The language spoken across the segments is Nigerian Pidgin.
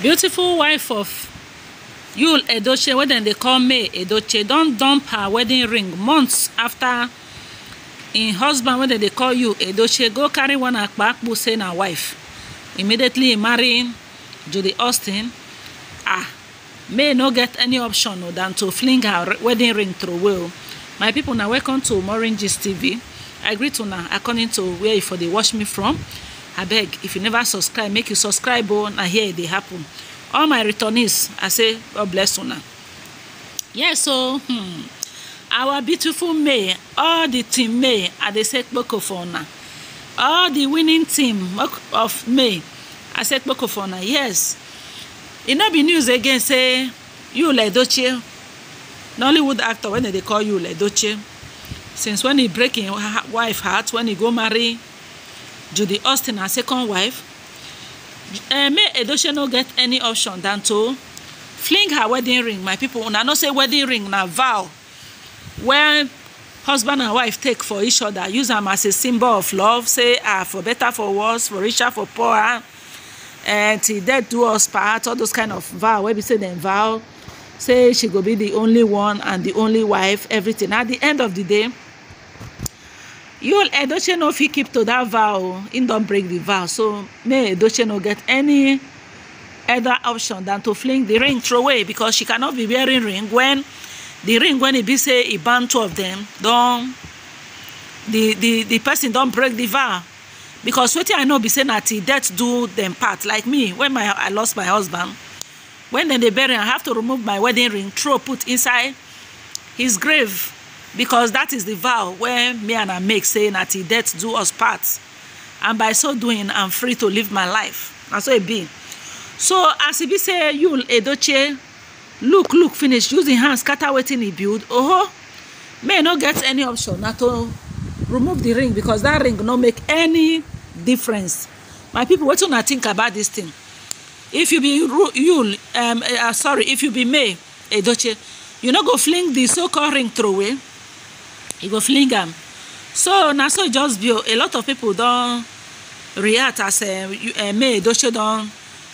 beautiful wife of yul edoche wey dem dey call may edoche don't dump her wedding ring months after in husband wey dem dey call you edoche go carry one akpakpu say na wife immediately marry judy austin ah may no get any option o than to fling her wedding ring through. throway my people, now welcome to morin tv i greet you now, according to where you for dey watch me from abeg if you never subscribe make you subscribe o oh, na here e dey happen all my returnees i say god bless una yes o so, hmm, our beautiful may all the team may i dey say kpoko for una all the winning team of may i say kpoko for una yes e no be news again say yul edochie nollywood actor wey dem dey call yul edochie since when he break im wife heart when he go marry judy austin her second wife uh, eh, may edochie no get any option than to fling her wedding ring my people una know say wedding ring na vow wey husband and wife take for each other use am as a symbol of love say ah for better for worse for richer for poorer uh, till death do us part all those kind of vow wey be say dem vow say she go be the only one and the only wife everything at the end of the day yul edoche no fit keep to that vow He don break the vow so may edoche no get any other option than to fling the ring throw away because she cannot be wearing ring when the ring when e be say e ban two of dem don the person don break the vow because wetin i know be say na till death do dem part like me when my i lost my husband When dem dey bury i have to remove my wedding ring throw put inside his grave because that is the vow where me and I make saying that he death do us part and by so doing i'm free to live my life na so e be so as if be say yul edochie look look finish use im hand scatter wetin e build oho may not get any option na to remove the ring because that ring no make any difference my people wetin una think about this thing if you be yul um, uh, sorry if you be may edochie you no go fling di so called ring throw throwaway you go fling him, so now so just be a lot of people don't react as eh, eh, may edoche don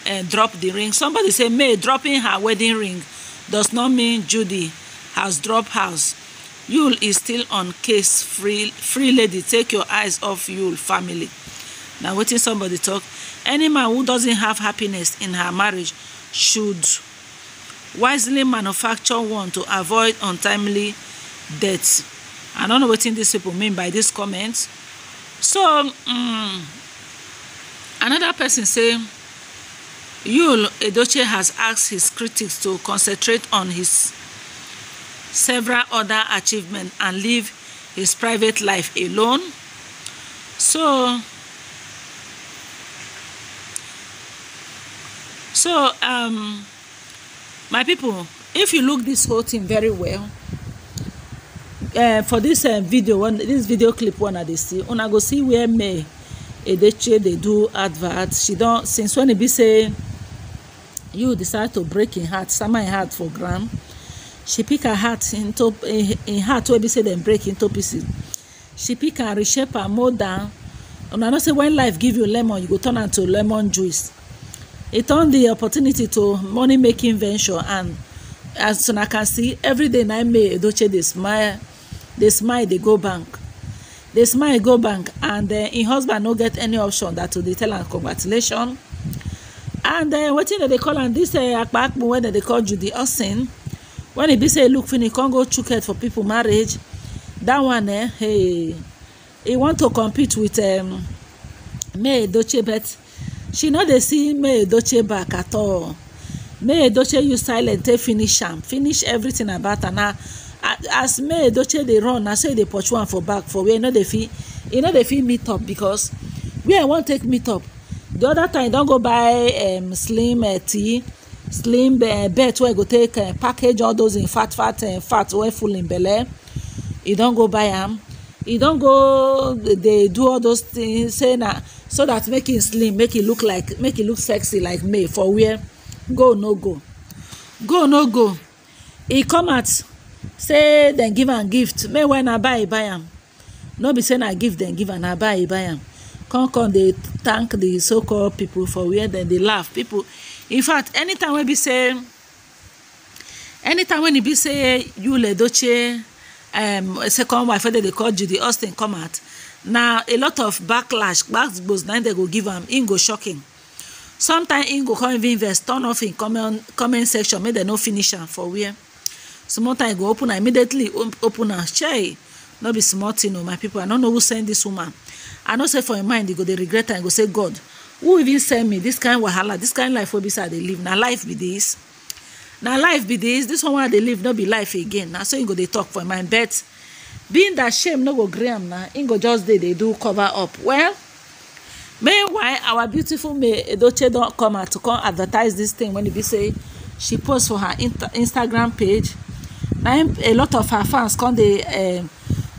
eh, drop the ring somebody say may dropping her wedding ring does not mean judy has dropped house yule is still on case free free lady take your eyes off yule family Now waiting somebody talk any man who doesn't have happiness in her marriage should wisely manufacture one to avoid untimely deaths i don't know what these people mean by these comment so um, another person say yul edoche has asked his critics to concentrate on his several other achievements and leave his private life alone so so um my people if you look this whole thing very well Eh, for dis eh, video one this video clip one i see una go see where may edeche dey do advert she don't. since when e be say you decide to break in heart sama in heart for gram. she pick her heart into in heart wey be say dem break into pieces she pick am reshape am mold am una know say when life give you lemon you go turn into lemon juice It e turned the opportunity to money making venture and as una can see every day na may edoche dey smile dey smile dey go bank dey smile go bank and uh, im husband no get any option dat to dey tell am congratulation and uh, wetin dem dey call am dis uh, akpakpo wey dem dey call judy austin wen e be say look finish come go chook head for pipo marriage dat one eh hey e want to compete with um, may edoche bet, she no dey see may edoche back at all may edoche use silent take finish am finish everything about her na as may edoche dey run na so e dey pursue am for back for where e no dey fit e no dey fit meet up because where i wan take meet up the other time don go buy um, slim uh, tea slim uh, bet wey go take uh, package all those im fat fat uh, fat wey full im belle e don go buy am e don go dey do all those things say na so that make him slim make e look like make e look sexy like may for where go no go go no go e come at say dem give am gift May when na buy buy am no be say na gift dem give am na buy buy am come come dey thank the so called people for where dem dey laugh people in fact anytime wey be say anytime when e be say yule doche um, second wife wey dem dey call judy austin come out na a lot of backlash gbos na dem go give am im go shock him sometimes im go come even vex turn off im comment comment section make dem no finish am for where small time go open am immediately open am shey no be small tin o oh, my people. i no know who send this woman i know say for im mind e go dey regret am go say god who even send me this kind wahala this kind life wey be say i dey live na life be this. na life be this. This one wey i dey live no be life again na so im go dey talk for im mind but being that shame no go gree am na im e go just dey dey do cover up well meanwhile our beautiful may edoche don come out to come advertise this thing when e be say she post for her instagram page na him a lot of her fans come dey um, eh,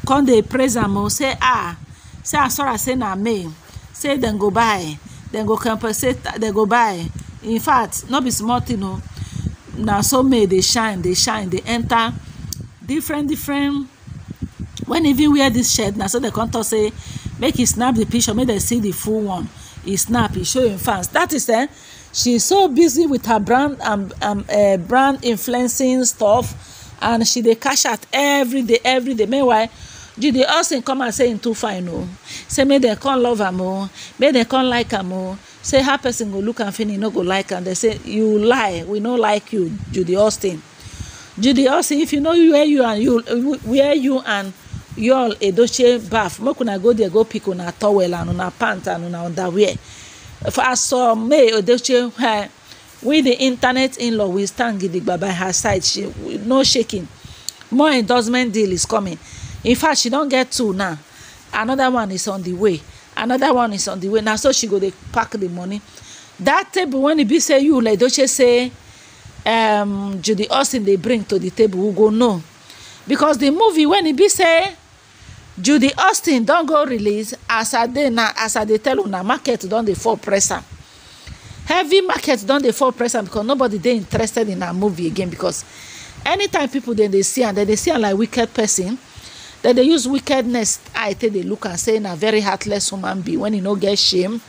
come dey praise am o oh, say ah say asora say na may say dem go buy dem go compensate dem go buy in fact no be small thing o oh. na so may dey shine dey shine dey enter different different when even wear this shirt na so dem come talk say make he snap the picture make dem see the full one He snap he show im fans that is eh she so busy with her brand and um, um, uh, brand influencing stuff and she dey cash out every day every day meanwhile Jude austin come and say him too fine o say make dem come love am o make dem come like am o say her person go look am he no go like am They say you lie we no like you Jude austin Jude austin if you know where you and you where you and yall edochie baff make una go there go pick una towel and una pant and una underwear for as for may edochie eh, With the internet in-law we stand gidigba by her side she no shaking more endorsement deal is coming in fact she don get two now another one is on the way another one is on the way na so she go dey pack the money that table when e be say you like doche say um, judy austin dey bring to the table we go know because the movie when e be say judy austin don go release as i dey na as i dey tell una market don dey fall press am heavy market don dey fall price am because nobody dey interested in a movie again because anytime people then dey see am then dey see am like wicked person that dey use wickedness eye take dey look am say na very heartless woman be when e no get shame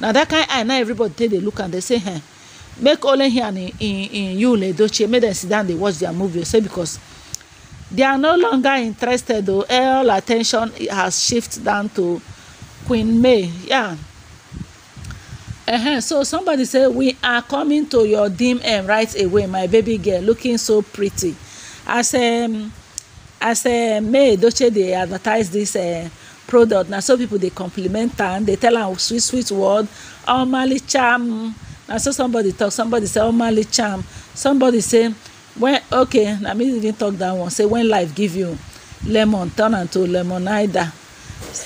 na that kind eye na everybody take dey look am dey say hey, make only here and in in yule edochie make dem sit down dey watch their movie say because they are no longer interested o all attention has shift down to queen may yeah -huh. so somebody say we are coming to your dim um, right away my baby girl looking so pretty as um, as uh, may edoche dey advertise this uh, product na so people dey compliment am dey tell am oh, sweet sweet word omali charm na so somebody talk somebody say omali charm somebody say when okay na me even talk that one say when life give you lemon turn am to lemonade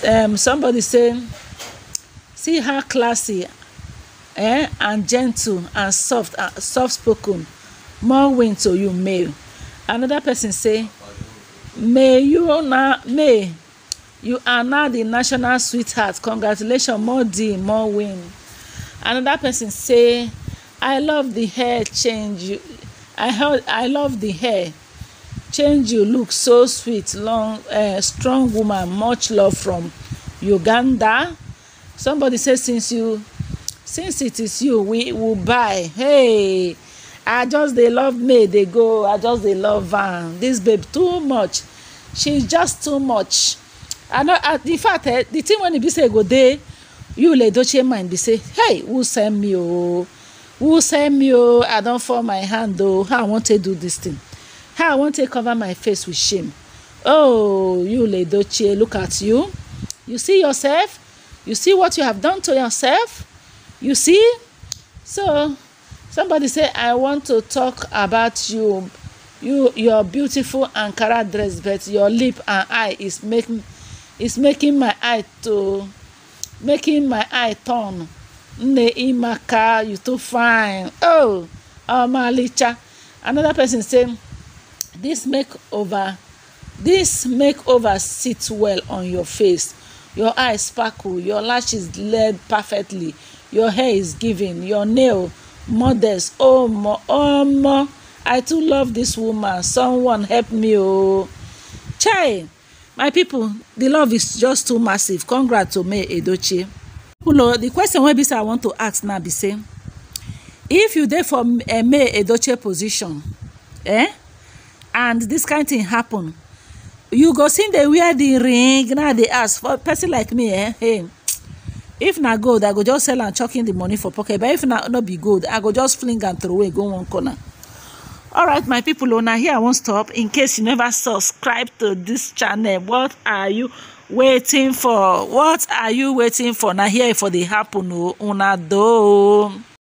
um, somebody say see how classy eh, and gentle and soft and uh, soft spoken more win to you male another person say may you na may you are now the national sweetheart congratulations more d more win another person say i love the hair change you i heard i love the hair change you look so sweet long uh, strong woman much love from uganda somebody say since you since it is you we will buy hey i just dey love me. dey go i just dey love am this babe too much she is just too much i know uh, the fact eh the thing wey e be say go dey you le doche mind be say hey who send me oo oh? who send me oo oh? i don fall my hand oo oh. how i wan take do this thing how i wan take cover my face with shame oh you le doche look at you you see yourself you see what you have done to yourself you see so somebody say i want to talk about you you your beautiful ankara dress but your lip and eye is making is making my eye to making my eye turn nne imaka you too fine oh omalicha another person say this makeover this makeover sit well on your face your eye sparkle your lashes laid perfectly your hair is giving your nail modest oh mo oh i too love this woman someone help me oh chai my people the love is just too massive congrats to me edochie people the question wey be say i want to ask now be say if you dey for uh, may edochie position eh and this kind thing happen you go see dey wear the ring now dey ask for person like me eh hey if na gold i go just sell am chuck in the money for pocket but if na no be gold i go just fling am throwaway go one corner All right, my people, una here i wan stop in case you never subscribe to this channel what are you waiting for what are you waiting for na here for the happen o oh, una do